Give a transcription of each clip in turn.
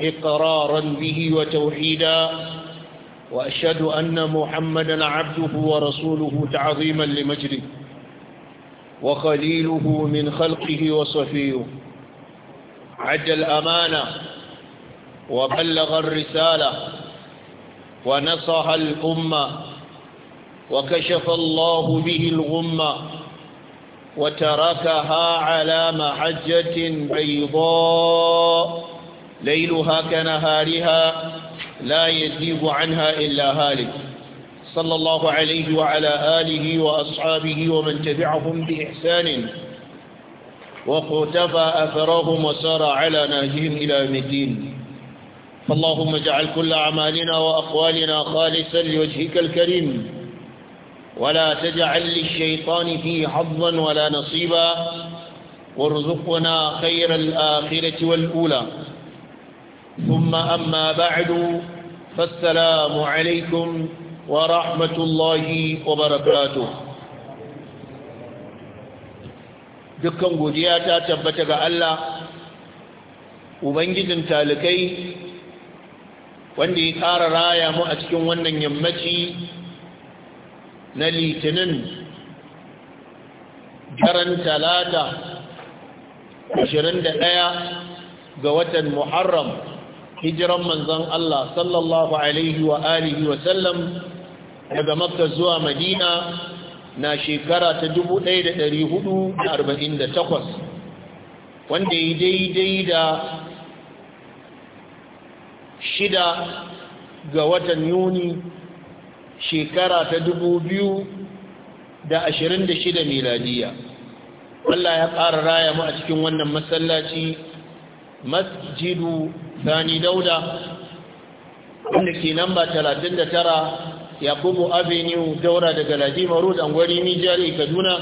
إقرارا به وتوحيدا وأشهد أن محمدا عبده ورسوله تعظيما لمجده وخليله من خلقه وصفيه عد الأمانة وبلغ الرسالة ونصح الأمة وكشف الله به الغمة وتركها على محجة بيضاء ليلها كنهارها لا يزيغ عنها إلا هالك صلى الله عليه وعلى آله وأصحابه ومن تبعهم بإحسان وقتفى أثرهم وسار على نهجهم إلى الدين فاللهم اجعل كل أعمالنا وأقوالنا خالصا لوجهك الكريم ولا تجعل للشيطان فيه حظا ولا نصيبا وارزقنا خير الآخرة والأولى ثم أما بعد فالسلام عليكم ورحمة الله وبركاته dukkan godiya ta tabbata ga Allah ubangijin talikai wanda ya ƙara raya mu a cikin wannan yammaci na litinin daren talata 21 ga watan muharram hijiran manzon Allah sallallahu alaihi wa alihi wa sallam daga makka zuwa madina na shekara ta 1448 wanda ya daidai da shida ga watan yuni shekara ta 2026 miladiya Allah ya ƙara raya mu a cikin wannan masallaci masjidu sani dauda wanda ke namba 39 yakubu avenue daura daga lajima road angwari nijari kaduna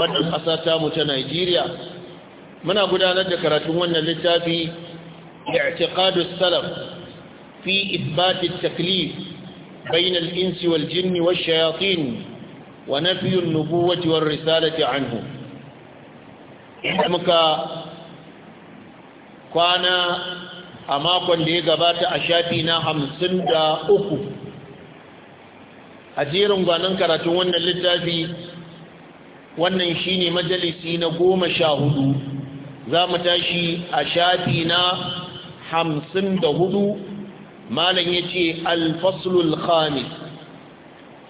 wadda ta tamu ta Najeriya. muna gudanar da karatun wannan littafi i'tiqadu salaf fi ithbat at-taklif bayna al-insi wal-jinni wash-shayatin wa nafyu an-nubuwwati war-risalati anhu muka kwana a makon da ya gabata a shafi na hamsin da uku a jerin gwanon karatun wannan littafi wannan shine majalisi na goma sha hudu za mu tashi a shafi na hamsin da hudu malam ya ce alfaslul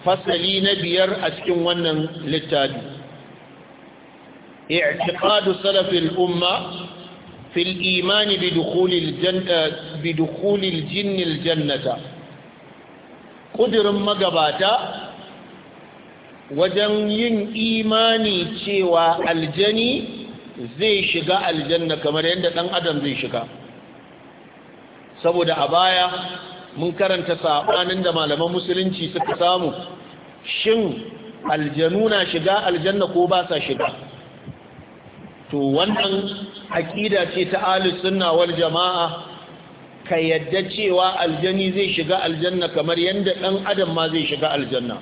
fasali na biyar a cikin wannan littafi i'tiqadu salafil umma في الإيمان بدخول الجنة بدخول الجن wajen yin imani cewa aljani zai shiga aljanna kamar yadda ɗan adam zai shiga saboda a baya mun karanta saɓanin da malaman musulunci suka samu shin aljanu na shiga aljanna ko basa shiga to wannan aƙida ce ta ahlus sunna jama'a ka yadda cewa aljani zai shiga aljanna kamar yadda ɗan adam ma zai shiga aljanna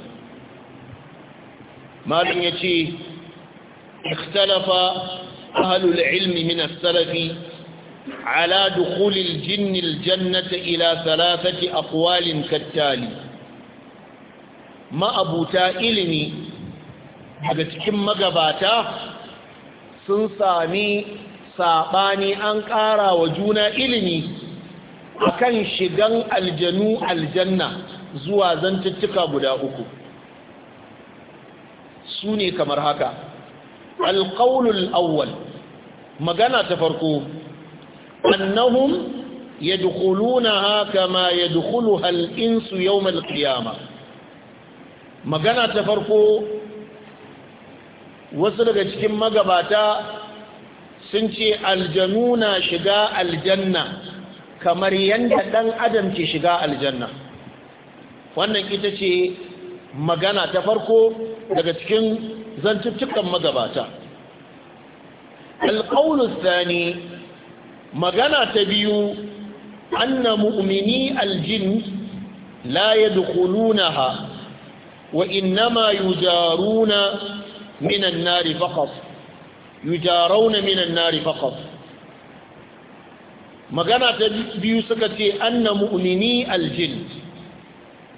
malin ya ce ikhtalafa ahlul ilmi min salafi ala dukhul al-jinn jannata ila thalathati aqwalin kattali ma ilimi daga cikin magabata sun sami saɓani an ƙara wa juna ilimi akan shigan aljanu aljanna zuwa zantuttuka guda uku su ne kamar haka alƙaunul awwal magana ta farko annahum yadkhulunaha kama yadkhuluha al-insu su al ƙiyama. magana ta farko wasu daga cikin magabata sun ce aljanu na shiga aljanna kamar yadda ɗan adam ke shiga aljanna wannan ita ce magana ta farko daga cikin zantuttukan magabata alƙaunus Sani magana ta biyu anna mu'mini aljin la yadkhulunaha wa innama yujaruna من النار فقط يجارون من النار magana ta biyu suka ce anna mu'mini aljin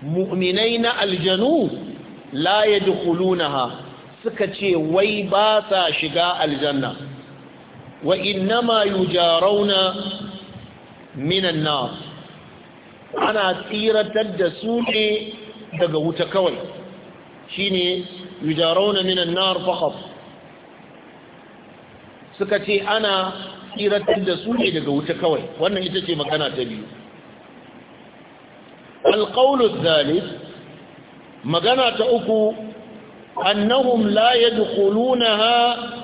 mu'minai na aljanu la yadkhulunaha suka ce wai ba sa shiga aljanna wa innama yujarawna minan nar ana tsiratar da su ne daga wuta kawai shine yujarawna minan nar faqat suka ce ana tsiratar da su ne daga wuta kawai wannan ita ce magana ta biyu alqawlu thalith magana ta uku annahum la yadkhulunaha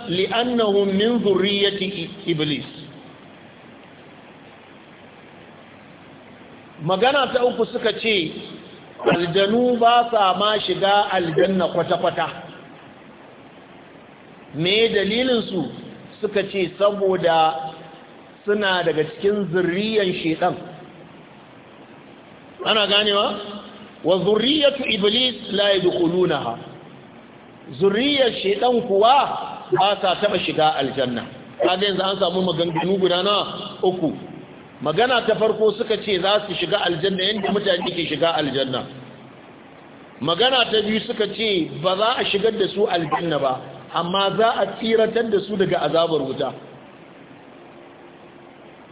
li'annahum min dhurriyyati iblis magana ta uku suka ce aljanu ba sa ma shiga aljanna kwata-kwata me dalilinsu suka ce saboda suna daga cikin zurriyan shedan ana ganewa wa zurriyatu iblis la yadkhulunaha zurriyar shedan kuwa ba sa taba shiga aljanna kaga yanzu an samu maganganu guda na uku magana ta farko suka ce za su shiga aljanna yadda mutane ke shiga aljanna magana ta biyu suka ce ba za a shigar da su aljanna ba amma za a tsiratar da su daga azabar wuta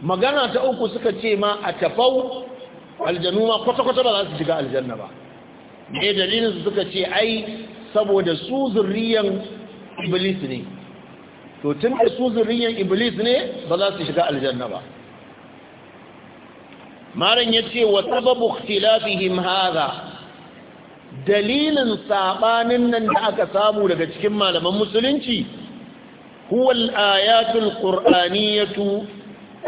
magana ta uku suka ce ma a tafau aljanu ma kwata-kwata ba za su shiga aljanna ba ne dalilinsu suka ce ai saboda su zurriyan iblis ne to tun da su zurriyan iblis ne ba za su shiga aljanna ba malam yace wa sababu ikhtilafihim hadha dalilin sabanin nan da aka samu daga cikin malaman musulunci huwa al-ayatu al-qur'aniyatu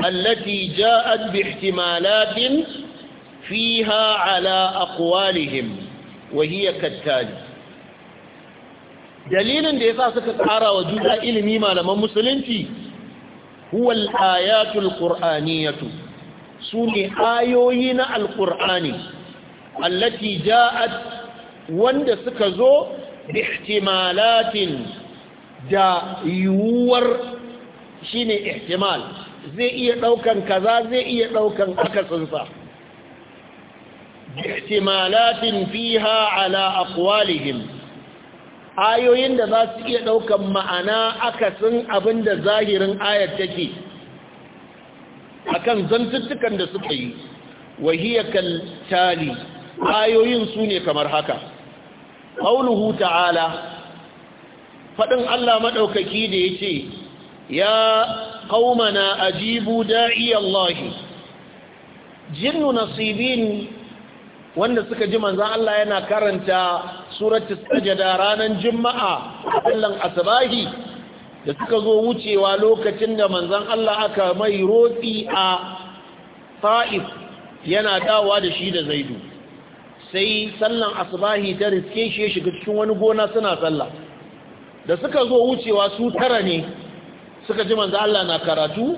allati ja'at bi ihtimalatin fiha ala aqwalihim wa hiya kattali dalilin da yasa suka tsara wa juna ilimi malaman musulunci huwa al-ayatu quraniyatu su ne ayoyi na alƙur'ani allati ja'at wanda suka zo bi ihtimalatin da yiwuwar shine ihtimal zai iya ɗaukan kaza zai iya ɗaukan akasinsa ihtimalatin fiha ala aqwalihim ayoyin da za su iya ɗaukan ma'ana akasin abinda zahirin ayat take akan zantuttukan da suka yi wahiya kal tali ayoyin su ne kamar haka qauluhu ta'ala fadin Allah madaukaki da yace ya qaumana ajibu da'i Allah jinnu nasibin wanda suka ji manzon Allah yana karanta suratul sajda ranan juma'a sallan asbahi da suka zo wucewa lokacin da manzan Allah aka mai roɗi a fa'if yana dawa da shi da zaidu sai sallan asbahi ta riske shi ya shiga cikin wani gona suna sallah da suka zo wucewa su tara ne suka ji manzan Allah na karatu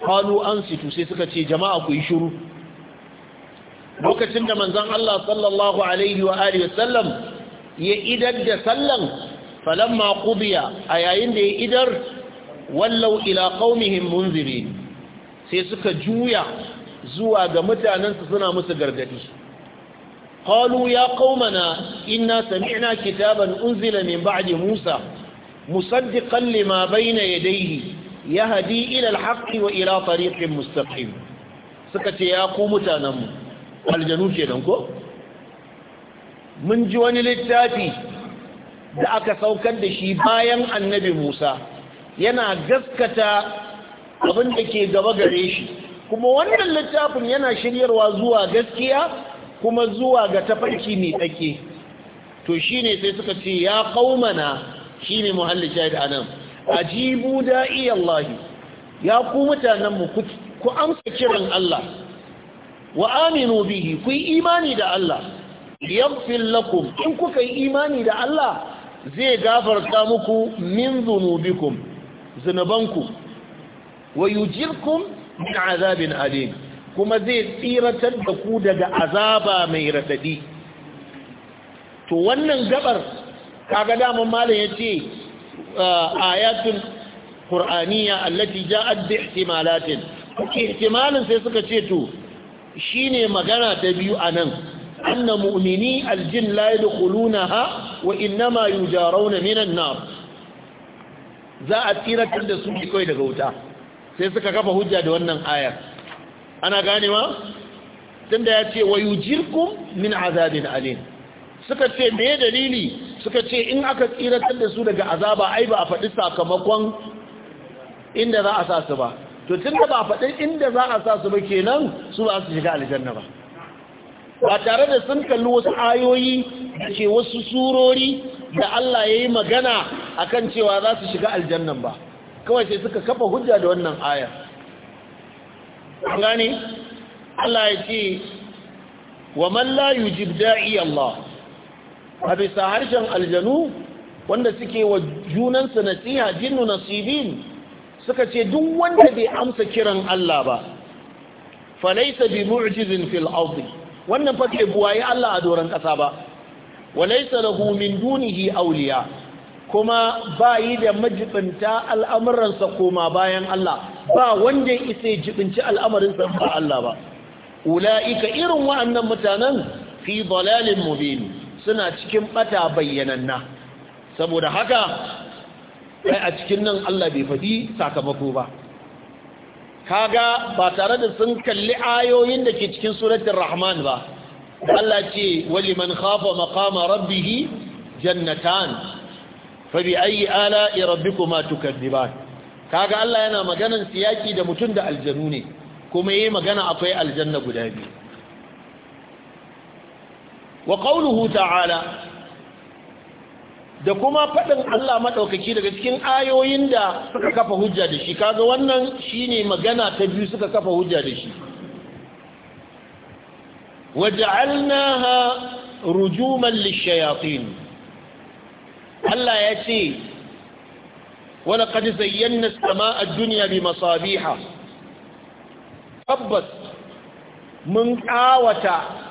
kwano an situ sai suka ce jama'a ku yi shuru lokacin da manzan Allah sallallahu alaihi wa alihi sallam ya idar da sallan falamma qudiya a yayin da ya idar wallau ila qaumihim munzirin sai suka juya zuwa ga mutanensu suna musu gargadi qalu ya qaumana inna sami'na kitaban unzila min ba'di musa musaddiqan lima bayna yadayhi yahdi ila al wa ila tariqin mustaqim suka ce ya ku mutanenmu aljanu kenan ko mun ji wani littafi da aka saukar da shi bayan annabi Musa yana gaskata abin da ke gaba gare shi kuma wannan littafin yana shiryarwa zuwa gaskiya kuma zuwa ga tafarki mai tsake to shine sai suka ce ya qaumana shine muhallin shahid anan ajibu da'i Allah ya ku mutanen mu ku amsa kiran Allah wa aminu bihi ku imani da Allah yaghfir lakum in kuka yi imani da Allah zai gafarta muku min zunubikum zunubanku wa yujirkum min azabin alim kuma zai tsiratar da ku daga azaba mai radadi to wannan gabar kaga dama malam yace uh, ayatun qur'aniya allati ja'at bi ihtimalatin ihtimalin sai suka ce to shine magana ta biyu anan أن مؤمني الجن لا يدخلونها وإنما يجارون من النار za a tsiratar da su kawai daga wuta sai suka kafa hujja da wannan ayar ana ma. tunda ya ce wayu jirkum min azabin alim suka ce me dalili suka ce in aka tsiratar da su daga azaba ai ba a faɗi sakamakon inda za a sa su ba to tunda ba a faɗi inda za a sa su ba kenan su ba su shiga aljanna ba ba tare da sun kalli wasu ayoyi da ke wasu surori da Allah ya yi magana a kan cewa za su shiga aljannan ba kawai sai suka kafa hujja da wannan aya gane Allah ya ce wa man la yujib iya Allah a bisa harshen aljanu wanda suke wa junansu nasiha jinnu nasibin suka ce duk wanda bai amsa kiran Allah ba falaisa bi mu'jizin fil wannan fa yi buwaye Allah a doron ƙasa ba walaysa lahu min dunihi auliya kuma ba yi da majibinta al'amuransa koma bayan Allah ba wanda ya isa jibinci al'amarinsa ba Allah ba ula'ika irin wa'annan mutanen fi dalalin mubin suna cikin bata bayyananna saboda haka sai a cikin nan Allah bai faɗi sakamako ba kaga ba tare da sun kalli ayoyin da ke cikin suratul rahman ba Allah ce wali man khafa maqama rabbih jannatan fa bi ayi ala rabbikuma tukadziban kaga Allah yana maganan siyaki da mutun da aljanu ne kuma yayi magana akwai aljanna guda biyu wa qawluhu ta'ala da kuma faɗin Allah maɗaukaki daga cikin ayoyin da suka kafa hujja da shi kaga wannan shine magana ta biyu suka kafa hujja da shi waja'alnaha rujuman lishayatin Allah ya ce wala qad zayyana as-samaa'a ad-dunya bimasabiha tabbas mun ƙawata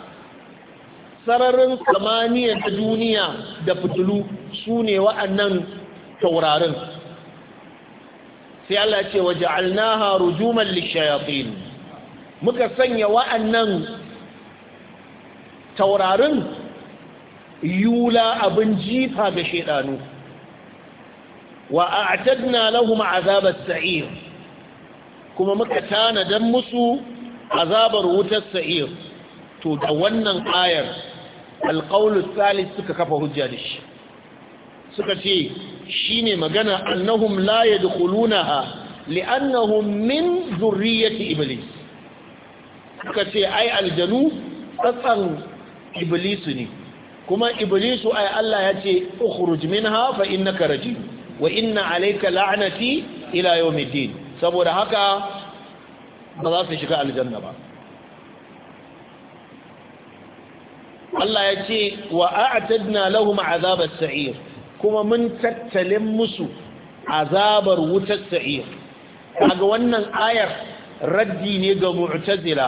sararin samaniya ta duniya da fitulu su ne wa'annan taurarin sai Allah ce wa ja'alnaha rujuman lishayatin muka sanya wa'annan taurarin yula abin jifa ga shedanu wa a'tadna lahum azabar sa'ir kuma muka tanadan musu azabar wutar sa'ir to da wannan ayar alƙaulu salis suka kafa hujja da shi suka ce shi ne magana annahum la ya ha li'annahum min zurriyati iblis suka ce ai aljanu tsatsan iblisu ne kuma iblisu ai Allah ya ce ukhruj minha fa innaka rajim wa inna alayka la'nati ila yawmiddin saboda haka ba za su shiga aljanna ba Allah ya ce wa a'tadna lahum azabar sa'ir kuma mun tattalin musu azabar wutar sa'ir kaga wannan ayar raddi ne ga mu'tazila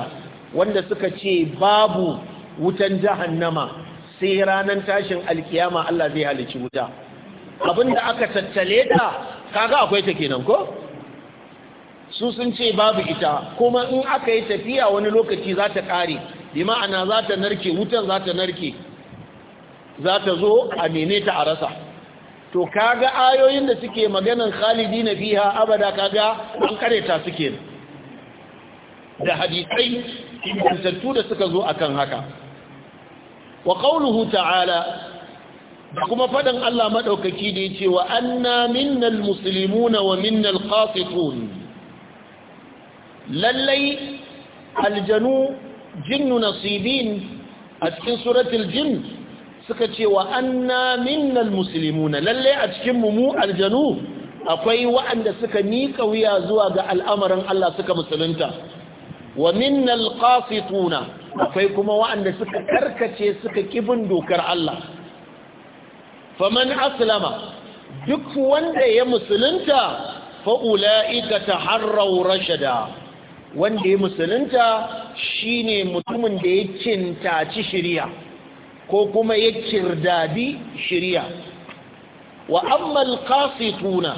wanda suka ce babu wutan jahannama sai ranar tashin alkiyama Allah zai halici wuta abinda aka tattale ta kaga akwai ta kenan ko su sun ce babu ita kuma in aka yi tafiya wani lokaci za ta kare bi ma'ana za ta narke wutan za ta narke za ta zo a nene ta a rasa to kaga ayoyin da suke maganan khalidi na fiha abada kaga an kareta suke da hadisai ingantattu da suka zo akan haka wa qawluhu ta'ala da kuma fadan Allah madaukaki da yace wa anna minnal muslimuna wa minnal qasitun lallai aljanu jinnu nasibin a cikin suratul jin suka ce wa anna minnal muslimuna lalle a cikin mu mu aljanu akwai waɗanda suka miƙa wuya zuwa ga al'amarin Allah suka musulunta wa minnal qasituna akwai kuma waɗanda suka karkace suka kibin dokar Allah faman aslama duk wanda ya musulunta fa ulaika taharraw rashada wanda ya musulunta shine mutumin da ya kintaci shirya ko kuma ya kirdadi shirya wa ammal qasituna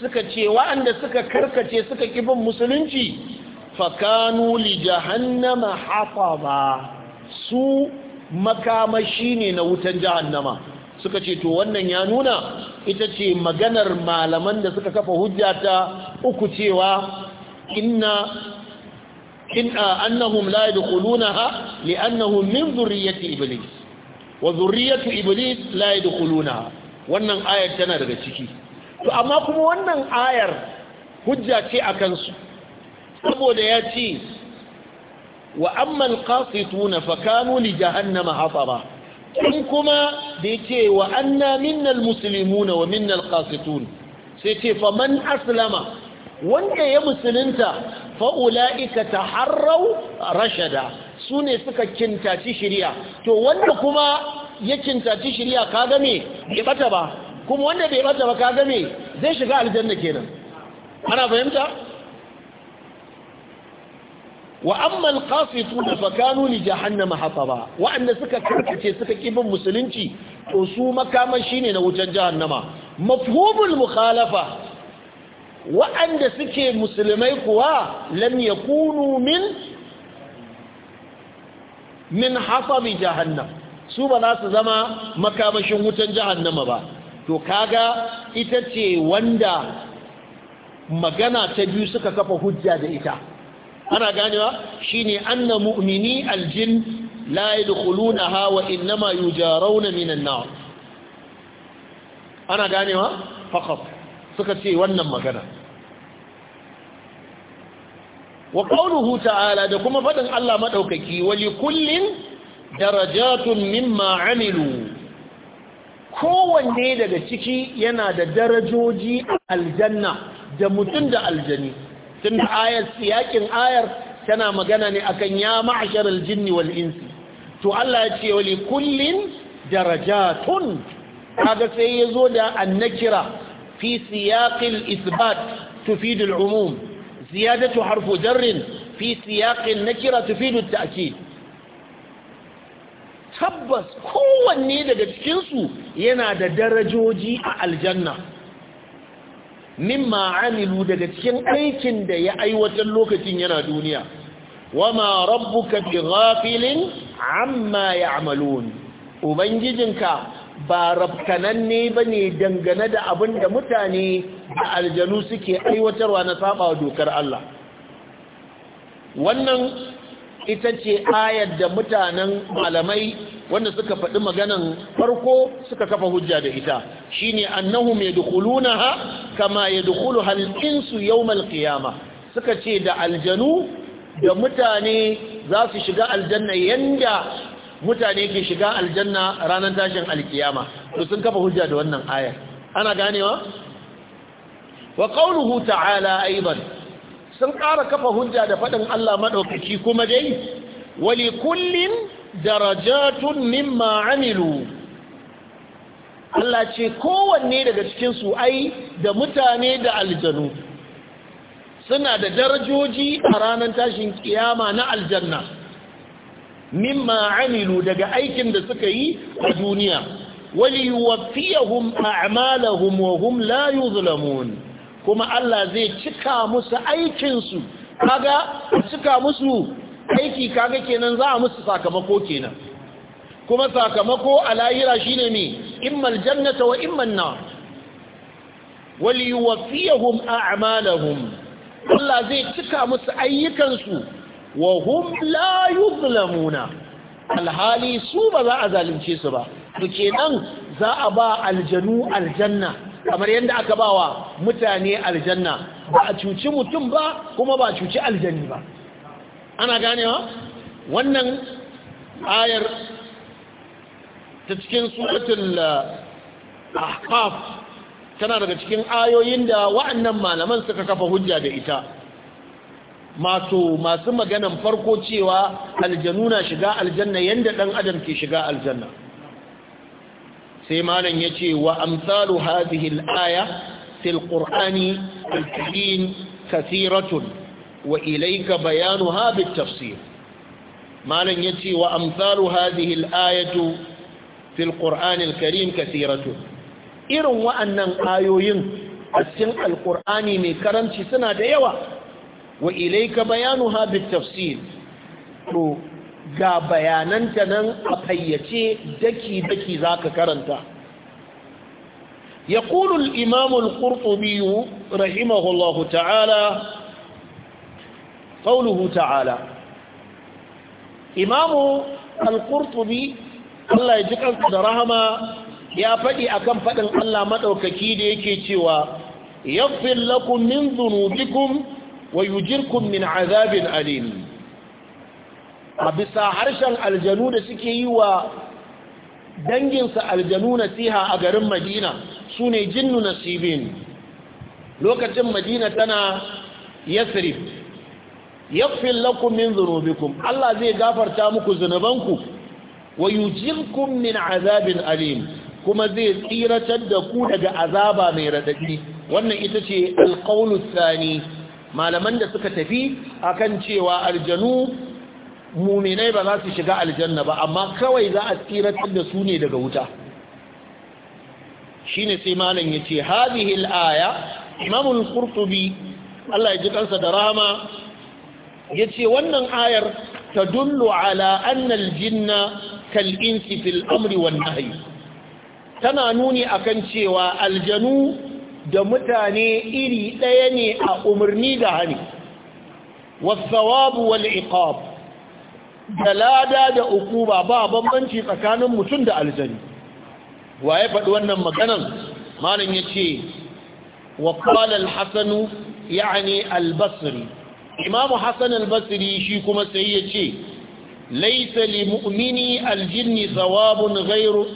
suka ce wa'anda suka karkace suka kibin musulunci fakanu li jahannama hafaba su makamashi ne na wutan jahannama suka ce to wannan ya nuna ita ce maganar malaman da suka kafa hujjata uku cewa inna in annahum la yadkhulunaha li'annahum min dhurriyyati iblis wa dhurriyyatu iblis la yadkhulunaha wannan ayar tana daga ciki to amma kuma wannan ayar hujja ce akan su saboda ya ce wa amma alqasituna fa kanu li jahannama hatara kun kuma da yake wa anna minnal muslimuna wa minnal qasitun sai ce faman aslama wanda ya musulunta fa'ula'ika ta harrau rashada su ne suka kintaci shirya to wanda kuma ya kintaci shirya ka game bai bata ba kuma wanda bai bata ba ka game zai shiga aljanna kenan ana fahimta wa amma alqasitu fa kanu li jahannama haka ba. Wa'anda suka karkace suka kibin musulunci to su makamashi ne na wutar jahannama mafhumul mukhalafa wa'anda suke musulmai kuwa lam yakunu min min hasabi jahannam su ba za su zama makamashin wutan jahannama ba to kaga ita ce wanda magana ta biyu suka kafa hujja da ita ana ganewa shine anna mu'mini aljin la yadkhulunaha wa innama minan nar ana ganewa faqat suka ce wannan magana wa qawluhu ta'ala da kuma fadin Allah madaukaki wa likullin darajatun mimma amilu kowanne daga ciki yana da darajoji aljanna da mutum da aljani tun ayar siyakin ayar tana magana ne akan ya ma'ashar aljinni wal insi to Allah ya ce wa likullin darajatun kaga sai ya zo da annakira في سياق الإثبات Umum العموم زيادة حرف جر na kira النكرة تفيد tabbas kowanne daga cikinsu yana da darajoji a aljanna mimma amilu daga cikin aikin da ya aiwatar lokacin yana duniya wama rabbuka bi ghafilin amma ya'malun ubangijinka ba rafkananne ba ne dangane da abin da mutane da aljanu suke aiwatarwa na saba dokar Allah wannan ita ce ayar da mutanen malamai wanda suka faɗi maganan farko suka kafa hujja da ita shine annahu annahum na kama ya dukulu halittinsu yau al suka ce da aljanu da mutane za su shiga aljanna yanda mutane ke shiga aljanna ranar tashin alkiyama to sun kafa hujja da wannan ayar ana ganewa wa qawluhu ta'ala aidan sun ƙara kafa hujja da faɗin Allah maɗaukaki kuma dai wali kullin darajatun mimma amilu Allah ce kowanne daga su ai da mutane da aljanu suna da darajoji a ranar tashin kiyama na aljanna mimma amilu daga aikin da suka yi a duniya wali yuwaffiyahum a'malahum wa hum la yuzlamun kuma Allah zai cika musu aikin su kaga cika musu aiki kaga kenan za a musu sakamako kenan kuma sakamako a layira shine ne immal jannata wa immal nar wali yuwaffiyahum a'malahum Allah zai cika musu ayyukansu. wa hum la yuzlamuna alhali su ba za a zalunce su ba to kenan za a ba aljanu aljanna kamar yadda aka ba wa mutane aljanna ba a cuci mutum ba kuma ba a cuci aljanni ba ana ganewa wannan ayar ta cikin suratul uh, ahqaf tana daga cikin ayoyin da wa'annan malaman suka kafa hujja da ita masu masu maganan farko cewa aljanu na shiga aljanna yanda dan adam ke shiga aljanna sai malam yace wa amsalu hadhihi al-aya fil qur'ani al-karim kathiratun wa ilayka bayanuha bit tafsir malam yace wa amsalu hadhihi al-ayatu fil qur'ani al irin wa'annan ayoyin a cikin alqur'ani mai karanci suna da yawa wa ilaika bayanuha bitafsil to ga bayananta nan a fayyace daki-daki za ka karanta ya ƙunul imamul ƙurtubiyu rahimahullahu ta'ala ƙauluhu ta'ala imamu al-ƙurtubi Allah ya ji kansa da rahama ya faɗi akan faɗin Allah maɗaukaki da yake cewa yaffin lakun min zunubikum wa yujirkum min azabin alim a harshen aljanu da suke yi wa danginsa aljanu nasiha a garin madina su ne jinnu nasibin lokacin madina tana yasrib yaghfir lakum min dhunubikum Allah zai gafarta muku zunubanku wa yujirkum min azabin alim kuma zai tsiratar da ku daga azaba mai radadi wannan ita ce alqawlu thani malaman da suka tafi akan cewa aljanu muminai ba za su shiga aljanna ba amma kawai za a tsiratar da su ne daga wuta shine sai malam yace ce al-aya imamul kurtubi. Allah ya ji kansa da rahama yace wannan ayar dullu ala annal jinna kal fil amri wan tana nuni akan cewa aljanu da mutane iri ɗaya ne a umarni da hani wasawabu wal iqab da lada da ukuba ba bambanci tsakanin mutum da aljani waye faɗi wannan maganan malam yace wa qala al ya yani Albasri. imamu hasan basri shi kuma sai yace Laisali, li mu'mini aljini jinni gairu ghayru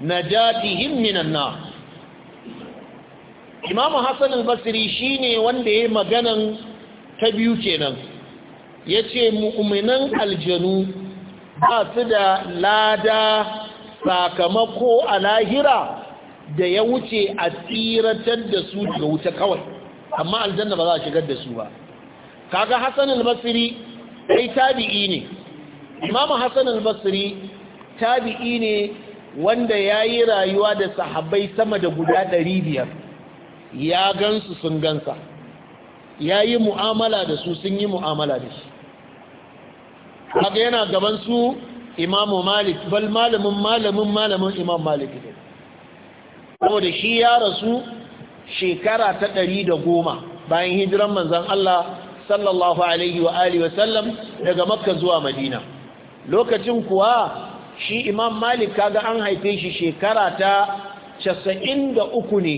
najatihim minan na. imamu hassan al shi ne wanda ya maganan ta biyu kenan ya ce mu'minan aljanu ba su da lada sakamako a lahira da ya wuce a tsiratar da su daga wuta kawai amma aljanna ba za a shigar da su ba kaga hassan al dai tabi'i ne imamu hassan al tabi'i ne wanda ya yi rayuwa da sahabbai sama da guda biyar. ya gansu sun gansa ya yi mu'amala da su sun yi mu'amala da shi haka yana gaban su imamu malik bal malamin malamin malamin imam malik ne saboda shi ya rasu shekara ta ɗari da goma bayan hijiran manzan Allah sallallahu alaihi wa alihi wa sallam daga makka zuwa madina lokacin kuwa shi imam malik kaga an haife shi shekara ta casa'in da uku ne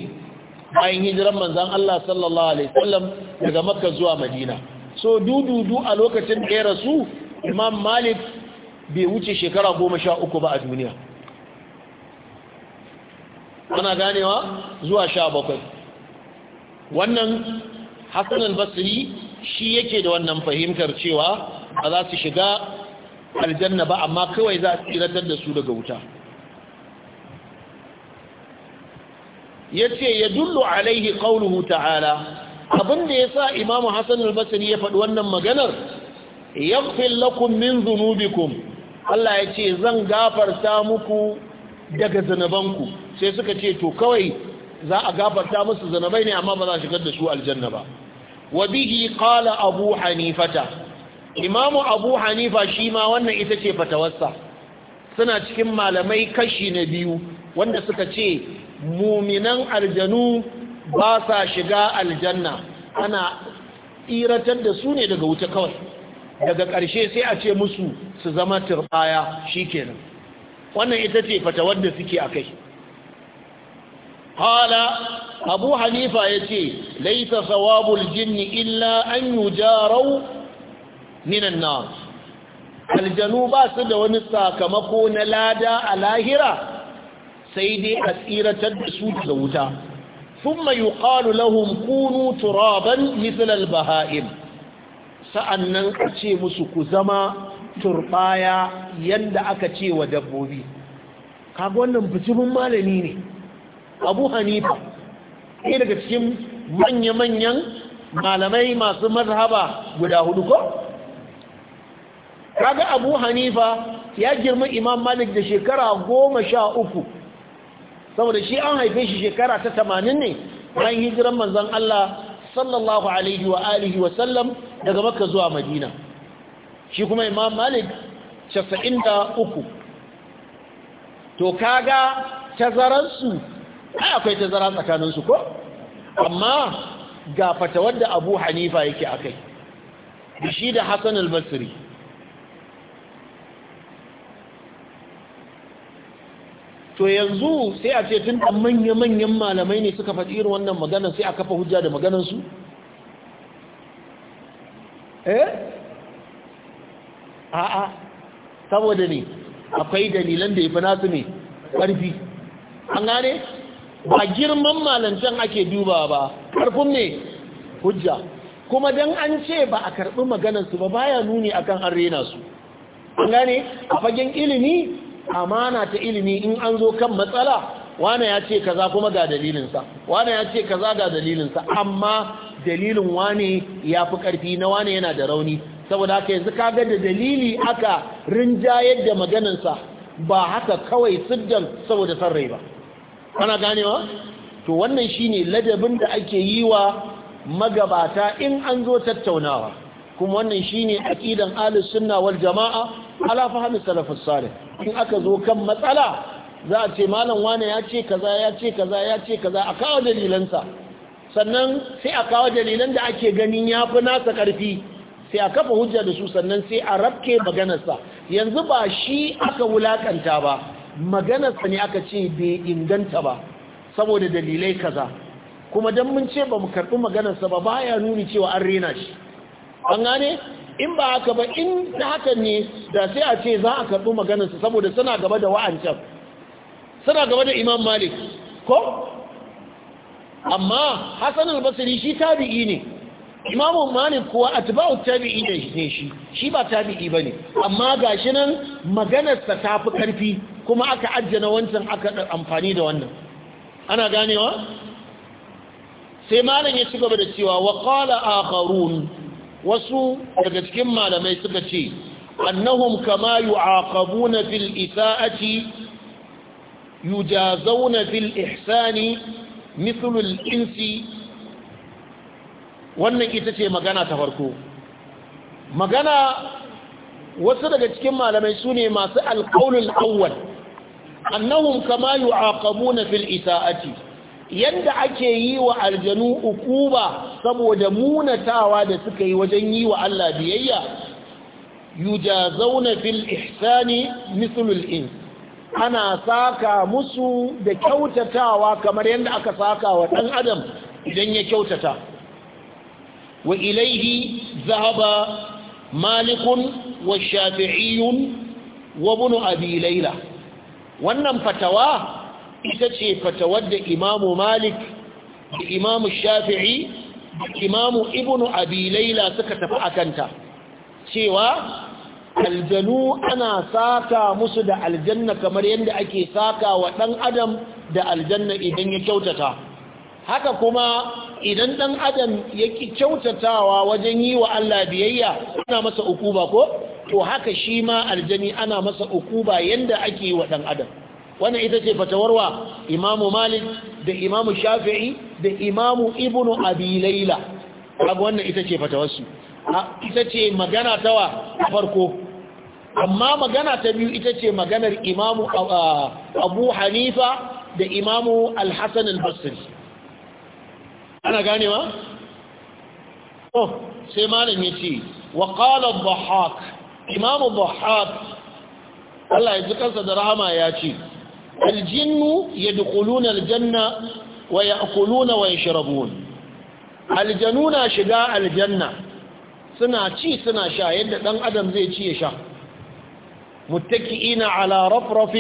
bayan hijiran manzan Allah sallallahu alaihi wasallam daga makka zuwa madina so dududu a lokacin da ya rasu imam malik bai wuce shekara goma sha uku ba a duniya ana ganewa zuwa sha bakwai wannan hassan albasiri shi yake da wannan fahimtar cewa ba za su shiga aljanna ba amma kawai za a tsiratar da su daga wuta ya ce ya dullu alaihi ƙaunuhu ta'ala abinda ya sa imamu hassan al-basri ya faɗi wannan maganar ya lakum min zunubikum Allah ya ce zan gafarta muku daga zanabanku sai suka ce to kawai za a gafarta musu zanabai ne amma ba za a shigar da su aljanna ba wa bihi qala abu hanifata imamu abu hanifa shi ma wannan ita ce fatawarsa suna cikin malamai kashi na biyu wanda suka ce muminan aljanu ba sa shiga aljanna ana tsiratar da su ne daga wuta kawai daga ƙarshe sai a ce musu su zama turbaya shikenan wannan ita ce fatawar da suke a kai hala abu hanifa ya ce laita sawabul jinni illa an yi jarau ninan na aljanu ba su da wani sakamako na lada a lahira sai dai a tsiratar da su da wuta thumma yuqalu lahum kunu turaban mithla al sa'annan a ce musu ku zama turbaya yanda aka ce wa dabbobi kaga wannan bijimin malami ne Abu Hanifa ɗaya daga cikin manya-manyan malamai masu mazhaba guda hudu ko kaga Abu Hanifa ya girma Imam Malik da shekara goma sha uku saboda shi an haife shi shekara ta tamanin ne bayan hijiran manzon Allah sallallahu alaihi wa alihi wa sallam daga makka zuwa madina shi kuma imam malik da uku. to kaga tazararsu ai akwai tazara tsakaninsu ko amma ga fatawar da abu hanifa yake akai shi da hassan al-basri to yanzu sai a ce tun manya-manyan malamai ne suka faɗi irin wannan maganar sai a kafa hujja da su? eh? a'a saboda ne akwai dalilan da ya fi nasu ne ƙarfi an gane ba girman malancan ake duba ba ƙarfin ne hujja kuma dan an ce ba a karɓi maganarsu ba baya nuni akan an rena su an gane a fagen ilimi amana ta ilimi in an zo kan matsala wane ya ce kaza kuma ga dalilinsa wane ya ce kaza ga dalilinsa amma dalilin wane ya fi ƙarfi na wane yana da rauni saboda haka yanzu kaga da dalili aka rinjayar da maganansa ba haka kawai siddan saboda san rai ba ana ganewa to wannan shine ladabin da ake yi wa magabata in an zo tattaunawa kuma wannan shine aqidan ahlus sunna wal jamaa ala fahmi salafus salih in aka zo kan matsala za a ce malam wane ya ce kaza ya ce kaza ya ce kaza a kawo dalilansa sannan sai a kawo dalilan da ake ganin yafi nasa karfi sai a kafa hujja da su sannan sai a rabke maganarsa yanzu ba shi aka wulakanta ba maganarsa ne aka ce bai inganta ba saboda dalilai kaza kuma dan mun ce ba mu karɓi maganarsa ba baya nuni cewa an rena shi an gane in ba haka ba in ta haka ne da sai a ce za a karɓi maganarsa saboda suna gaba da wa'ancan suna gaba da imam malik ko amma hassan al basiri shi tabi'i ne imamu malik kuwa atba'u tabi'i ne shi shi ba tabi'i ba ne amma gashi nan maganarsa ta fi ƙarfi kuma aka ajjana wancan aka amfani da wannan ana ganewa sai malam ya ci gaba da cewa wa a akharun wasu daga cikin malamai suka ce annahum kama yu'aqabuna fil isa'ati yujazawna fil ihsani mithlu al insi wannan ita ce magana ta farko magana wasu daga cikin malamai sune masu alƙaunin awwal annahum kama yu'aqabuna fil isa'ati yadda ake yi wa aljanu ukuba saboda munatawa da suka yi wajen yi wa Allah biyayya yujazawna fil ihsani mislul in ana saka musu da kyautatawa kamar yadda aka saka wa ɗan adam idan ya kyautata wa ilaihi zahaba malikun wa shafi'iyun wa bunu abi laila wannan fatawa ita ce fatawar da imamu malik da imamu shafi'i da imamu ibnu abi laila suka tafi akanta cewa aljanu ana saka musu da aljanna kamar yadda ake saka wa ɗan adam da aljanna idan ya kyautata haka kuma idan ɗan adam ya kyautatawa wajen yi wa Allah biyayya ana masa ukuba ko to haka shi ma aljani ana masa ba yadda ake wa ɗan adam wannan ita ce fatawarwa imamu malik da imamu shafi'i da imamu ibnu Abilaila, abu wannan ita ce fatawarsu ita ce magana ta wa farko amma magana ta biyu ita ce maganar imamu abu hanifa da imamu alhassan albasri ana gane ma? oh sai malam ya ce wa bahak imamu bahak Allah ya ji kansa da rahama ya ce الجن يدخلون الجنة ويأكلون ويشربون الجنون شقاء الجنة سنة شي سنة شا يد دم أدم زي شي شا متكئين على رفرف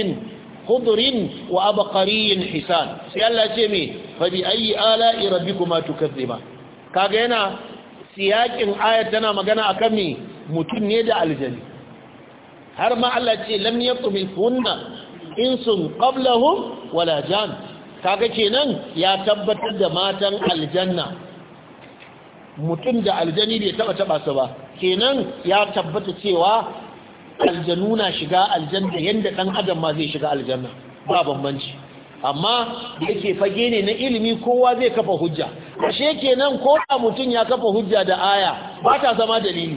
خضر وأبقري حسان سيالا تيمي فبأي آلاء ربكما تكذبان kaga yana siyakin ayat tana magana akan me mutum ne da aljani har ma Allah ce lam yaqbil kunna insun qablahum wala walajan kaga kenan ya tabbatar da matan aljanna mutum da aljani bai taba taba su ba kenan ya tabbata cewa aljanu na shiga aljanna Yadda ɗan adam ma zai shiga aljanna ba bambanci amma da yake fage ne na ilimi kowa zai kafa hujja ashe kenan ko da mutum ya kafa hujja da aya ba ta zama dalili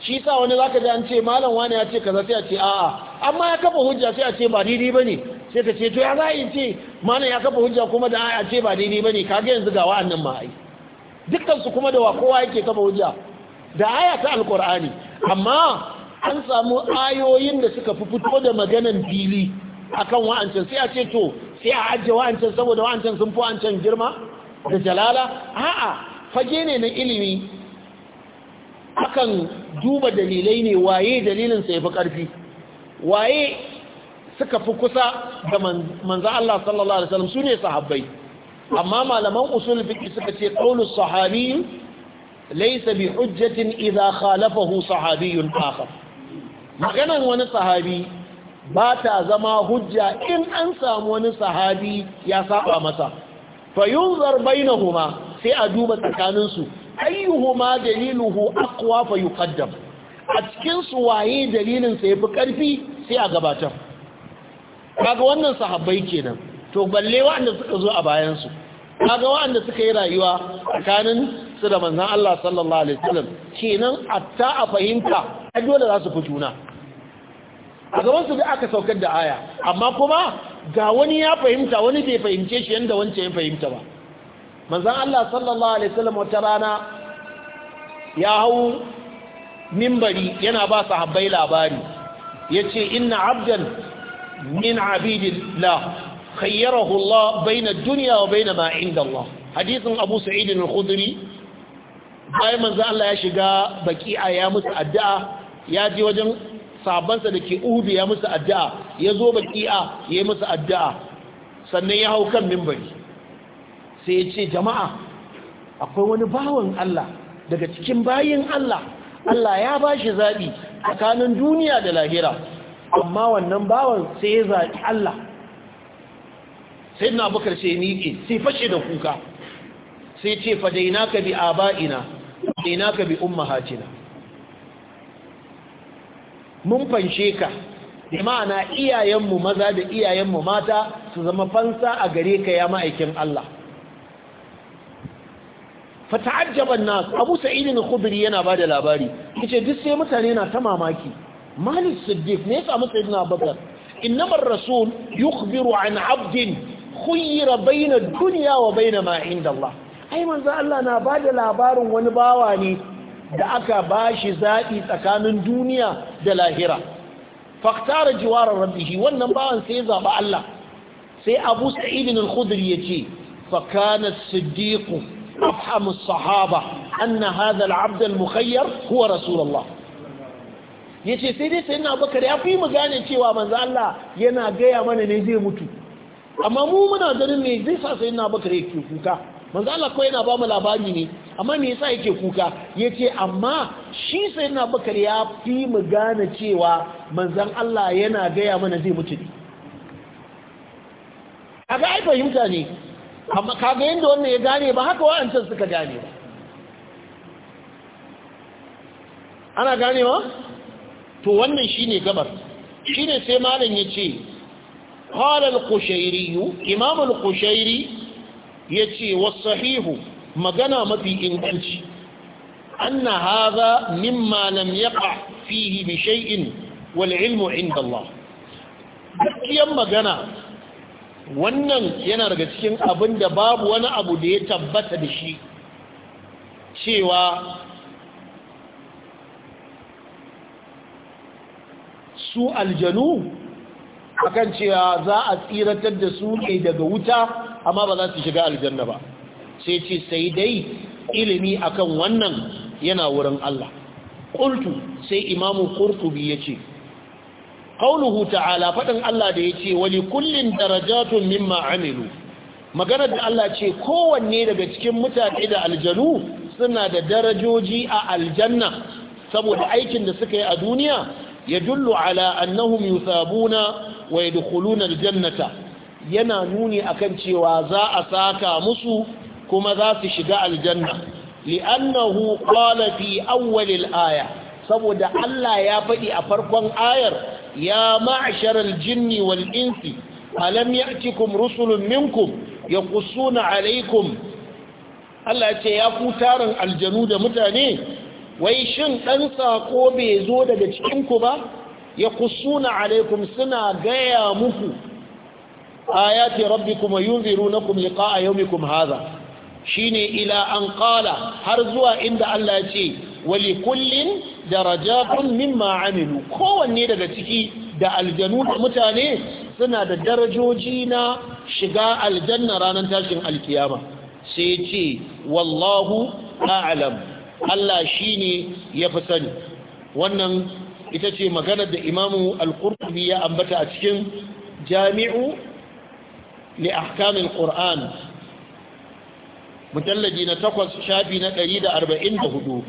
shi sa wani zaka ji an ce malam wani ya ce kaza sai a ce a'a amma ya kafa hujja sai a ce ba daidai bane sai ka ce to ya zaa in ce malam ya kafa hujja kuma da a ce ba daidai bane kaga yanzu ga wa'annan ma ai dukkan kuma da wa kowa yake kafa hujja da aya ta alqur'ani amma an samu ayoyin da suka fi fito da maganan fili akan wa'ancan sai a ce to sai a ajiye wa'ancan saboda wa'ancan sun fi wa'ancan girma da jalala a'a fage ne na ilimi akan duba dalilai ne waye dalilinsa ya fi ƙarfi waye suka fi kusa da manzan Allah sallallahu Alaihi wasallam sahabbai amma malaman usul fiƙi suka ce ƙaunin sahabi laisa bi hujjatin idza khalafahu sahabiyun akhar maganan wani sahabi ba ta zama hujja in an samu wani sahabi ya saba masa fayunzar bainahuma sai a duba tsakaninsu ayyuhuma daliluhu aqwa fa yuqaddam a cikin su waye dalilin sa yafi karfi sai a gabatar kaga wannan sahabbai kenan to balle wanda suka zo a bayan su kaga wanda suka yi rayuwa tsakanin su da manzon Allah sallallahu alaihi wasallam kenan atta a fahimta a dole za su fi juna a gaban su da aka saukar da aya amma kuma ga wani ya fahimta wani bai fahimce shi yanda wancan ya fahimta ba manzan Allah sallallahu alaihi wasallam wata rana ya hau mimbari yana ba sahabbai labari yace inna abdan min abidillah khayyarahu Allah baina duniya wa baina ma inda Allah hadisin Abu Sa'id al-Khudri bayan manzan Allah ya shiga baki'a ya musu addu'a ya je wajen sabonsa da ke ubi ya musu addu'a ya zo baki'a ya musu addu'a sannan ya hau kan mimbari sai ya ce jama'a akwai wani bawan Allah daga cikin bayin Allah Allah ya ba shi zaɓi tsakanin duniya da lahira amma wannan bawan sai ya zaɓi Allah sai na bukar sai niƙe sai fashe da kuka sai ce fadaina ka bi aba'ina fadaina ka bi umma ummahatina mun fanshe ka da ma'ana iyayenmu maza da iyayenmu mata su zama fansa a gare ka ya ma'aikin Allah fata'ajjaban nas abu sa'id al-khudri yana bada labari yace duk sai mutane na ta mamaki malik siddiq ne yasa mutsa ibn abubakar innama rasul yukhbiru an 'abdin khuyira bayna ad-dunya wa bayna ma 'inda Allah ai manzo Allah na bada labarin wani bawa ne da aka bashi zaɓi tsakanin duniya da lahira faktara jiwarar rabbihi wannan bawan sai ya zaba Allah sai abu sa'id al-khudri yace fa kana as أفهم الصحابة أن هذا العبد المخير هو رسول الله yace sai dai sayyidina abubakar ya fi mu gane cewa manzo Allah yana gaya mana ne zai mutu amma mu muna ganin me zai sa sayyidina abubakar yake kuka manzo Allah ko yana ba mu labari ne amma me yasa yake kuka yace amma shi sayyidina abubakar ya fi mu gane cewa Manzan Allah yana gaya mana zai mutu ne kaga ai fahimta ne amma kaga yadda wannan ya gane ba haka wa'ancan suka gane ba ana ganewa to wannan shine gabar shine sai malam yace qala al-qushairi imam al-qushairi yace was-sahihu magana mafi inganci anna hadha mimma lam yaqa fihi bi shay'in wal ilmu inda Allah gaskiyan magana wannan yana daga cikin abin da babu wani abu da ya tabbata da shi cewa su aljanu akan cewa za a tsiratar da su ne daga wuta amma ba za su shiga aljanna ba sai ce sai dai ilimi akan wannan yana wurin Allah ƙultu sai imamu ƙurtubi ya ce qauluhu ta'ala fadin Allah da yace wali kullin darajatun mimma amilu maganar da Allah ce kowanne daga cikin mutane da aljanu suna da darajoji a aljanna saboda aikin da suka yi a duniya yadullu ala annahum yuthabuna wa yadkhuluna aljannata yana nuni akan cewa za a saka musu kuma za su shiga aljanna li'annahu qala fi aya saboda Allah ya faɗi a farkon ayar ya ma'asharal jinni wal insi alam ya'tikum rusulun minkum yaqussuna alaikum Allah ce ya ku tarin aljanu da mutane wai shin ɗan saƙo bai zo daga cikinku ku ba yaqussuna alaikum suna gaya muku ayati rabbikum wa yunzirunakum liqa'a haza. Shi shine ila an ƙala. har zuwa inda Allah ce Wali kullin darajatun mimma amilu kowanne daga ciki da aljanu da mutane suna da darajoji na shiga aljanna ranar tashin alkiyama sai ce wallahu a'lam Allah shine ya fi sani wannan ita ce maganar da imamu al-qurtubi ya ambata a cikin jami'u li ahkamil qur'an mutallaji na takwas shafi na 144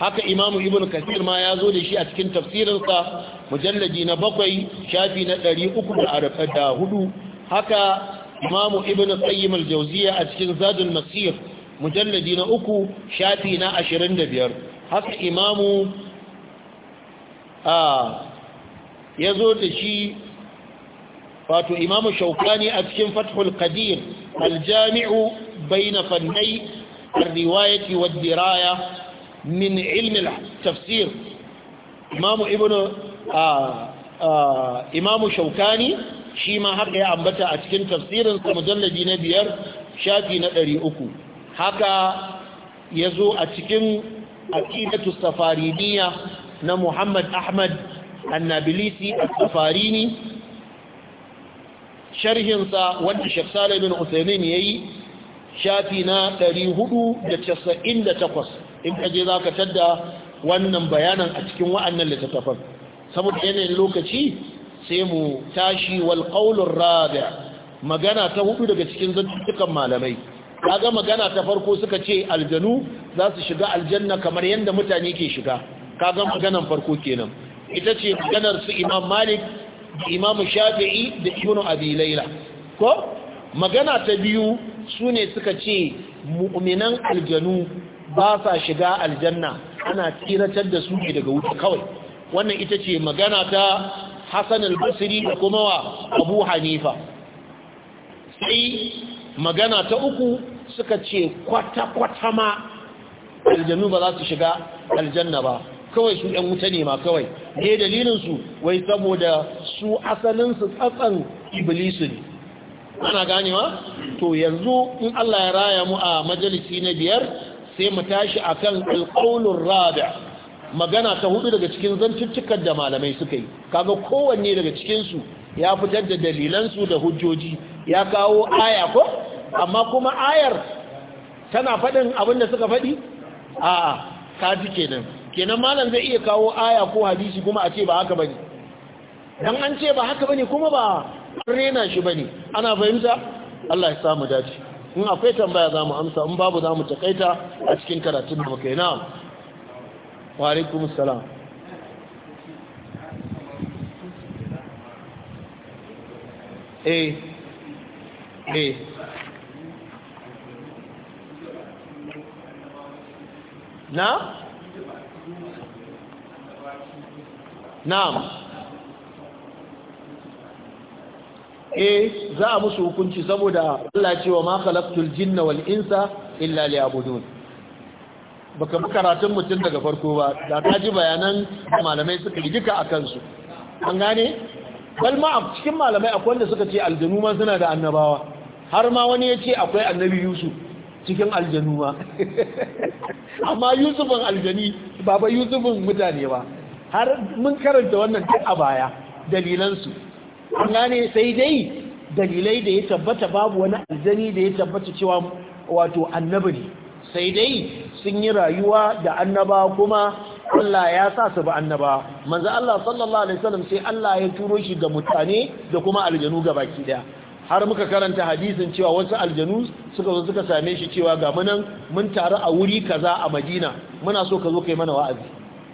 haka imamu ibn kasir ma ya zo da shi a cikin tafsirinsa mujallaji na bakwai shafi na ɗari uku da hudu haka imamu ibn qayyim al-jawziya a cikin zadun nasir mujallaji na uku shafi na ashirin da biyar haka imamu a ya zo da shi wato imamu shaukani a cikin fathul qadir al-jami'u bayna fannai الرواية والدراية min ilmi tafsir imamu Ibn imamu shaukani shi ma haka ya ambata a cikin tafsirinsa mujallabi na biyar shafi na ɗari uku haka ya zo a cikin aƙidatu safariniya na muhammad ahmad annabilisi a safarini sharhinsa wanda shafsala bin usaimin ya yi shafi na takwas. in ka je za ka tadda wannan bayanan a cikin wa'annan littattafan saboda yanayin lokaci sai mu tashi wal qaulur rabi' magana ta hudu daga cikin zantukan malamai kaga magana ta farko suka ce aljanu za su shiga aljanna kamar yadda mutane ke shiga kaga maganan farko kenan ita ce maganar su imam malik da imam shafi'i da ibn abi laila ko magana ta biyu su ne suka ce mu'minan aljanu ba sa shiga aljanna ana tsiratar da su ne daga wuta kawai wannan ita ce magana ta hassan al-basri da kuma wa abu hanifa sai magana ta uku suka ce kwata-kwata ma aljanu ba za su shiga aljanna ba kawai su ‘yan wuta ne ma kawai ne dalilinsu wai saboda su asalinsu tsatsan iblisu ne ana ganewa to yanzu in allah ya raya mu a majalisi na biyar sai mu tashi a akan alqaulur rabi magana ta hudu daga cikin zantuttukan da malamai suka yi kaga kowanne daga cikin su ya fitar da dalilansu da hujjoji ya kawo aya ko amma kuma ayar tana faɗin abin da suka faɗi a'a ka ji kenan kenan malam zai iya kawo aya ko hadisi kuma a ce ba haka bane dan an ce ba haka bane kuma ba rena shi bane ana fahimta Allah ya samu dace in akwai tambaya za mu amsa in babu za mu takaita a cikin karatun da muka yi eh, eh. na wa'alaikun salam a a na? na E za a musu hukunci saboda Allah cewa ma khalaqtul jinna wal insa illa liya'budun baka bi karatun mutum daga farko ba da ta ji bayanan malamai suka yi duka akan su an gane bal ma cikin malamai akwai wanda suka ce aljanu ma suna da annabawa har ma wani ya ce akwai annabi Yusuf cikin aljanu ma amma Yusufin aljani ba ba Yusufin mutane ba har mun karanta wannan duk a baya dalilansu an ne sai dai dalilai da ya tabbata babu wani aljani da ya tabbata cewa wato annabi ne sai dai sun yi rayuwa da annaba kuma Allah ya sa su ba annaba manzo Allah sallallahu alaihi wasallam sai Allah ya turo shi ga mutane da kuma aljanu baki daya har muka karanta hadisin cewa wasu aljanu suka zo suka same shi cewa ga munan mun taru a wuri kaza a Madina muna so ka zo kai mana wa'azi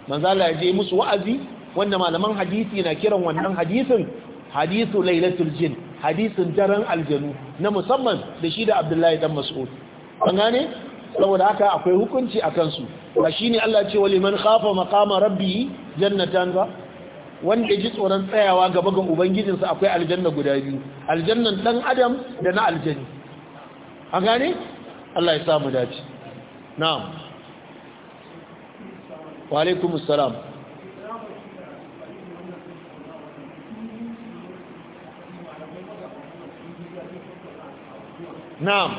manzo Allah ya je musu wa'azi wanda malaman hadisi na kiran wannan hadisin hadithu lailatul jin hadisin daren aljanu na musamman da shi da abdullahi dan mas'ud an gane saboda haka akwai hukunci a su ba shi ne Allah ce waliman khafa maqama rabbi jannatan ba wanda ji tsoron tsayawa gaba ga ubangijinsa akwai aljanna guda biyu aljannan dan adam da na aljani an gane Allah ya samu dace na'am wa alaikumus salam na'am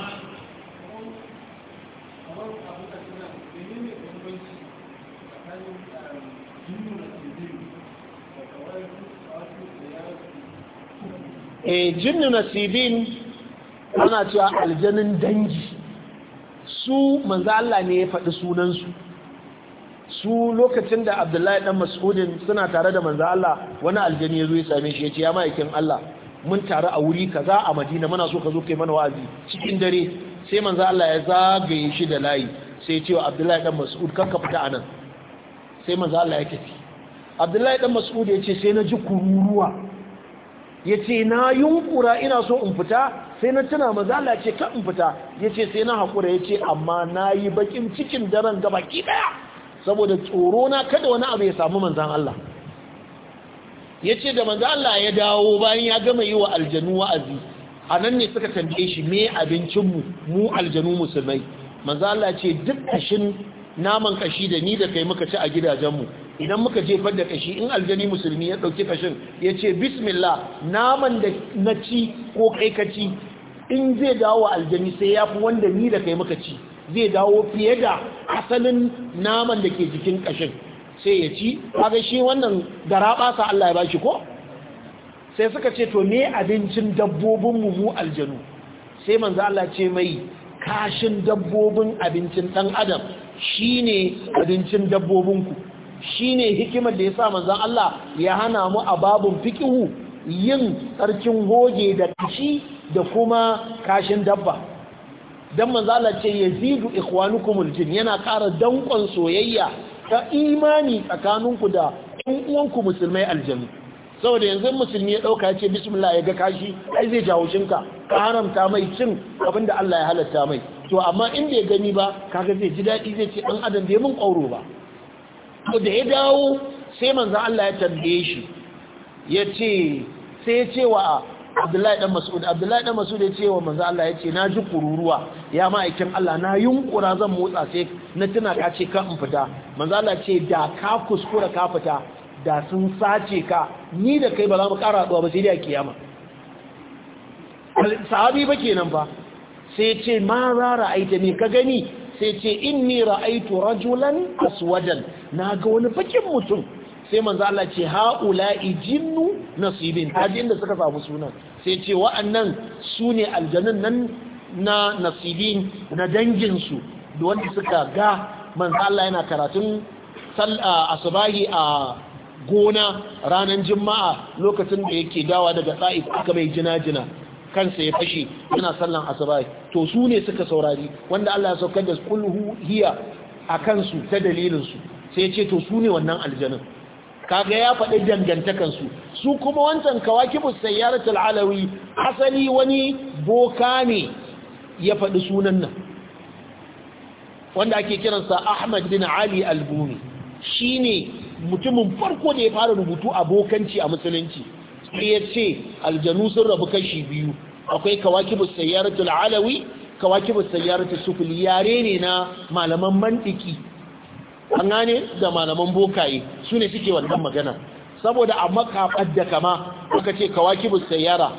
e jinnu nasibin ana cewa aljanin dangi su manzo Allah ne ya faɗi sunansu su lokacin da abdullahi dan mas'udin suna tare da manzo Allah wani aljani ya zo ya same shi ya ce ya ma'aikin Allah mun taru a wuri kaza a madina muna so ka zo kai mana wa'azi cikin dare sai manzo Allah ya zagaye shi da layi sai ya ce wa Abdullahi dan Mas'ud kan ka fita anan sai manzo Allah ya tafi Abdullahi dan Mas'ud ya ce sai na ji kururuwa ya ce na yunkura ina so in fita sai na tuna manzo Allah ya ce kan in fita ya ce sai na hakura ya ce amma na yi bakin cikin daren gaba ki daya saboda tsoro na kada wani abu ya samu manzon Allah ya ce da manzo Allah ya dawo bayan ya gama yi wa aljanu wa'azi a nan ne suka tambaye shi me abincinmu mu aljanu musulmai manzo Allah ce duk kashin naman kashi da ni da kai muka ci a gidajenmu idan muka jefar da kashi in aljani musulmi ya dauki kashin ya ce bismillah naman da na ci ko kai ka ci in zai dawo wa aljani sai ya fi wanda ni da kai muka ci zai dawo fiye da asalin naman da ke jikin kashin sai ya ci kaga shi wannan garaba sa Allah ya bashi ko sai suka ce to me abincin dabbobin mu mu aljanu sai manzo Allah ce mai kashin dabbobin abincin dan adam shine abincin dabbobin ku shine hikimar da yasa manzo Allah ya hana mu a babun fiqhu yin tsarkin goge da kashi da kuma kashin dabba dan manzo Allah ce yazidu ikhwanukum aljin yana kara dankon soyayya ta imani tsakaninku da ɗan uwanku musulmai aljanu saboda yanzu musulmi ya ɗauka ya ce bismillah ya ga kashi ai zai jawo shinka ka haramta mai cin abin da Allah ya halatta mai to amma in bai gani ba kaga zai ji daɗi zai ce ɗan adam bai mun ƙauro ba to da ya dawo sai manzan Allah ya tambaye shi ya ce sai ya ce wa abdullahi dan mas'ud abdullahi dan mas'ud ya ce wa manzo Allah ya ce na ji kururuwa ya ma'aikin Allah na yunkura zan motsa sai na tuna ka ce ka in fita manzo Allah ce da ka kuskura ka fita da sun sace ka ni da kai ba za mu ƙara zuwa ba sai dai a kiyama sahabi ba kenan ba sai ce ma za ra'aita ne ka gani sai ce inni ra'aitu rajulan aswadan na ga wani bakin mutum sai manzo Allah ce haula'i jinnu nasibin kaji da suka samu sunan sai ce wa'annan su ne aljanun nan na nasibin na dangin su da wanda suka ga manzo Allah yana karatun asubahi a gona ranar juma'a lokacin da yake dawa daga tsa'if aka mai jina-jina kansa ya fashe yana sallan asubahi to su ne suka saurari wanda Allah ya saukar da kulhu hiya a kansu ta dalilinsu sai ya ce to su ne wannan aljanin kaga ya faɗi dangantakansu su kuma wancan kawakibus sayyaratul alawi asali wani boka ne ya faɗi sunan nan wanda ake kiransa Ahmad bin Ali al-Bumi shine mutumin farko da ya fara rubutu a bokanci a musulunci sai ya ce aljanu sun rabu kashi biyu akwai kawakibus sayyaratul alawi kawakibus sayyaratul sufli yare ne na malaman mantiki an gane da malaman bokaye su ne suke wannan magana saboda a makafar da kama aka ce bu sayara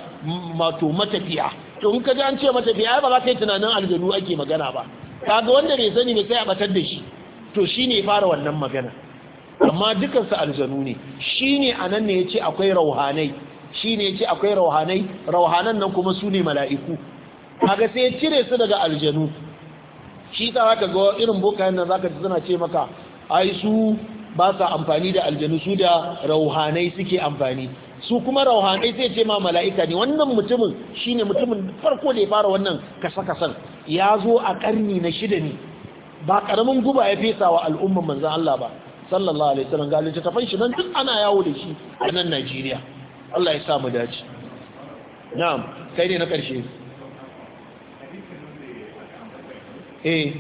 mato matafiya to in ka ji an ce matafiya ba za ka yi tunanin aljanu ake magana ba kaga wanda bai sani ne sai a batar da shi to shi ne fara wannan magana amma dukansu aljanu ne shi ne a nan ne ya ce akwai rauhanai shi ne ya ce akwai rauhanai rauhanan nan kuma su ne mala'iku kaga sai ya cire su daga aljanu shi ta haka ga irin bokayen nan zaka suna ce maka ai su ba sa amfani da aljanu su da rauhanai suke amfani su kuma rauhanai sai ce ma mala'ika ne wannan mutumin shine mutumin farko da ya fara wannan kasa-kasan ya zo a karni na shida ne ba karamin guba ya fesa wa al'umman manzan Allah ba sallallahu alaihi wasallam galin ta nan duk ana yawo da shi a nan Najeriya Allah ya sa mu dace na'am kai ne na karshe Eh.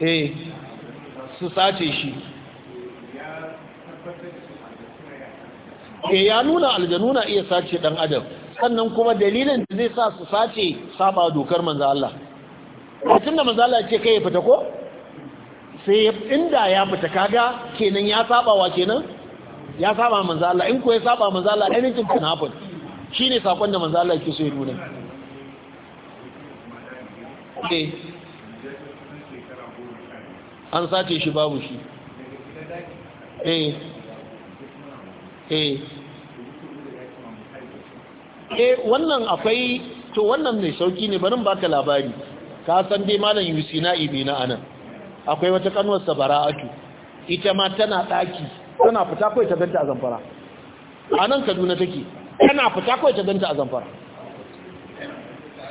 eh su sace shi eh ya nuna aljanu na iya sace dan adam sannan kuma dalilin da zai sa su sace saba dokar manzo Allah tun da manzo Allah ce kai ya fita ko sai inda ya fita kaga kenan ya saba wa kenan ya saba manzo Allah in ko ya saba manzo Allah anything can happen shine sakon da manzo Allah yake so ya nuna eh an sace shi babu shi eh eh eh wannan akwai to wannan mai sauki ne barin baka labari ka san dai malam yusina ibi na anan akwai wata kanwar sabara'atu ita ma tana daki tana fita kai ta ganta a zamfara anan Kaduna take tana fita kai ta ganta a zamfara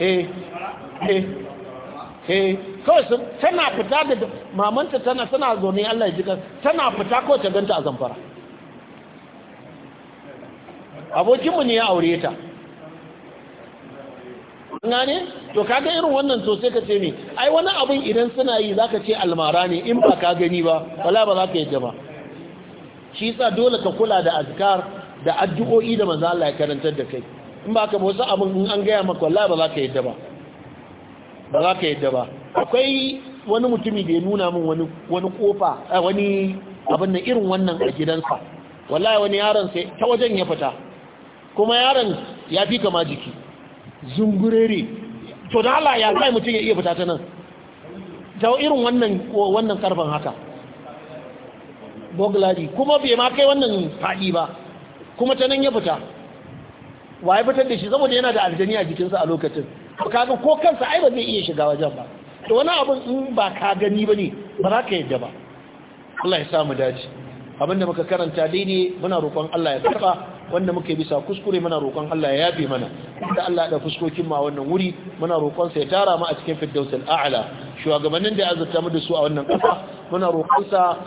eh eh eh kawai sun tana fita da mamanta tana tana zaune Allah ya jika tana fita kawai ta ganta a zamfara abokinmu ne ya aure ta gane to kaga irin wannan to sai ka ce ne ai wani abin idan suna yi za ka ce almara ne in ba ka gani ba wala ba za ka yadda ba shi yasa dole ka kula da azkar da addu'o'i da manzo Allah ya karantar da kai in ba ka ba wasu abin in an gaya maka wala ba za ka yadda ba ba za ka yadda ba akwai wani mutumi da ya nuna min wani wani kofa wani abin irin wannan a gidansa wallahi wani yaron sai ta wajen ya fita kuma yaron ya fi kama jiki zungurere to da Allah ya kai mutum ya iya fita ta nan ta irin wannan wannan karfan haka boglari kuma bai ma kai wannan fadi ba kuma ta nan ya fita wa ya fitar da shi saboda yana da aljani a jikinsa a lokacin to kaga ko kansa ai ba zai iya shiga wajen ba to wani abin in ba ka gani ba ne ba za ka yadda ba Allah ya samu dace abinda muka karanta daidai muna roƙon Allah ya karɓa wanda muke bisa kuskure muna roƙon Allah ya yafe mana da Allah da fuskokin ma wannan wuri muna roƙon sa ya tara mu a cikin firdausul a'la shugabannin da ya azurta mu da su a wannan ƙasa muna roƙon sa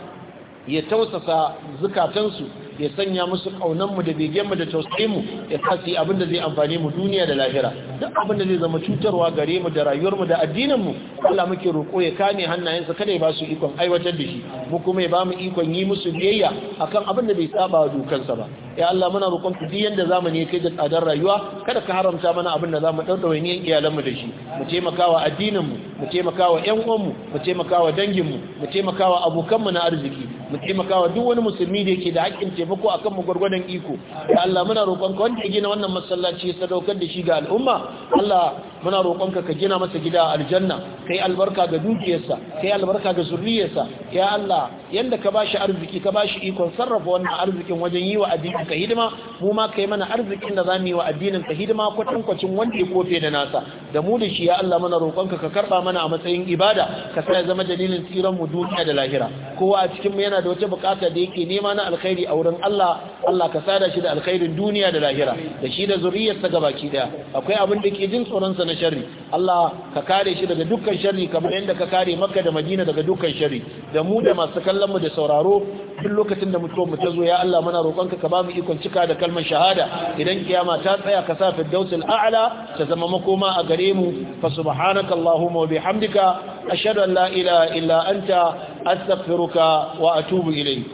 ya tausasa zukatansu ya sanya musu kaunanmu da begenmu da tausayinmu ya kasi abin da zai amfani mu duniya da lahira duk abin da zai zama cutarwa gare mu da rayuwarmu da addininmu Allah muke roƙo ya kame hannayensa kada ya ba su ikon aiwatar da shi mu kuma ya ba mu ikon yi musu biyayya akan abin da bai saba wa dukansa ba ya Allah muna roƙon ku duk yanda zamani ya kai da tsadar rayuwa kada ka haramta mana abin da zamu ɗaɗɗaure ni iyalanmu da shi mu taimakawa addininmu mu taimakawa yan uwanmu mu taimakawa danginmu mu taimakawa abokanmu na arziki mu taimakawa duk wani musulmi da yake da haƙƙin taimako akan mu gwargwadon iko ya Allah muna roƙonka wanda ya gina wannan masallaci ya sadaukar da shi ga al'umma Allah muna roƙonka ka gina masa gida aljanna kai albarka ga dukiyarsa kai albarka ga zurriyarsa ya Allah yanda ka bashi arziki ka bashi ikon sarrafa wannan arzikin wajen yi wa addinin ka hidima mu ma kai mana arzikin da zamu yi wa addinin ka hidima kwacin wanda ya kofe da nasa da mu da shi ya Allah muna roƙonka ka karba mana a matsayin ibada ka sa ya zama dalilin tsiran mu duniya da lahira kowa a cikin mu yana da wata bukata da yake nema na alkhairi a wurin Allah Allah ka sada shi da alkhairin duniya da lahira da shi da zuriyarsa gabaki daya akwai abin da ke jin tsoron sa na sharri Allah ka kare shi daga dukkan sharri kamar yadda ka kare Makka da Madina daga dukkan sharri da mu da masu kallon mu da sauraro duk lokacin da mutuwar mu ta zo ya Allah muna roƙonka ka ba mu ikon cika da kalmar shahada idan kiyama ta tsaya ka sa firdausul a'la ta zama makoma a gare mu fa subhanakallahumma wa bihamdika ashhadu an la ilaha illa anta أستغفرك وأتوب إليك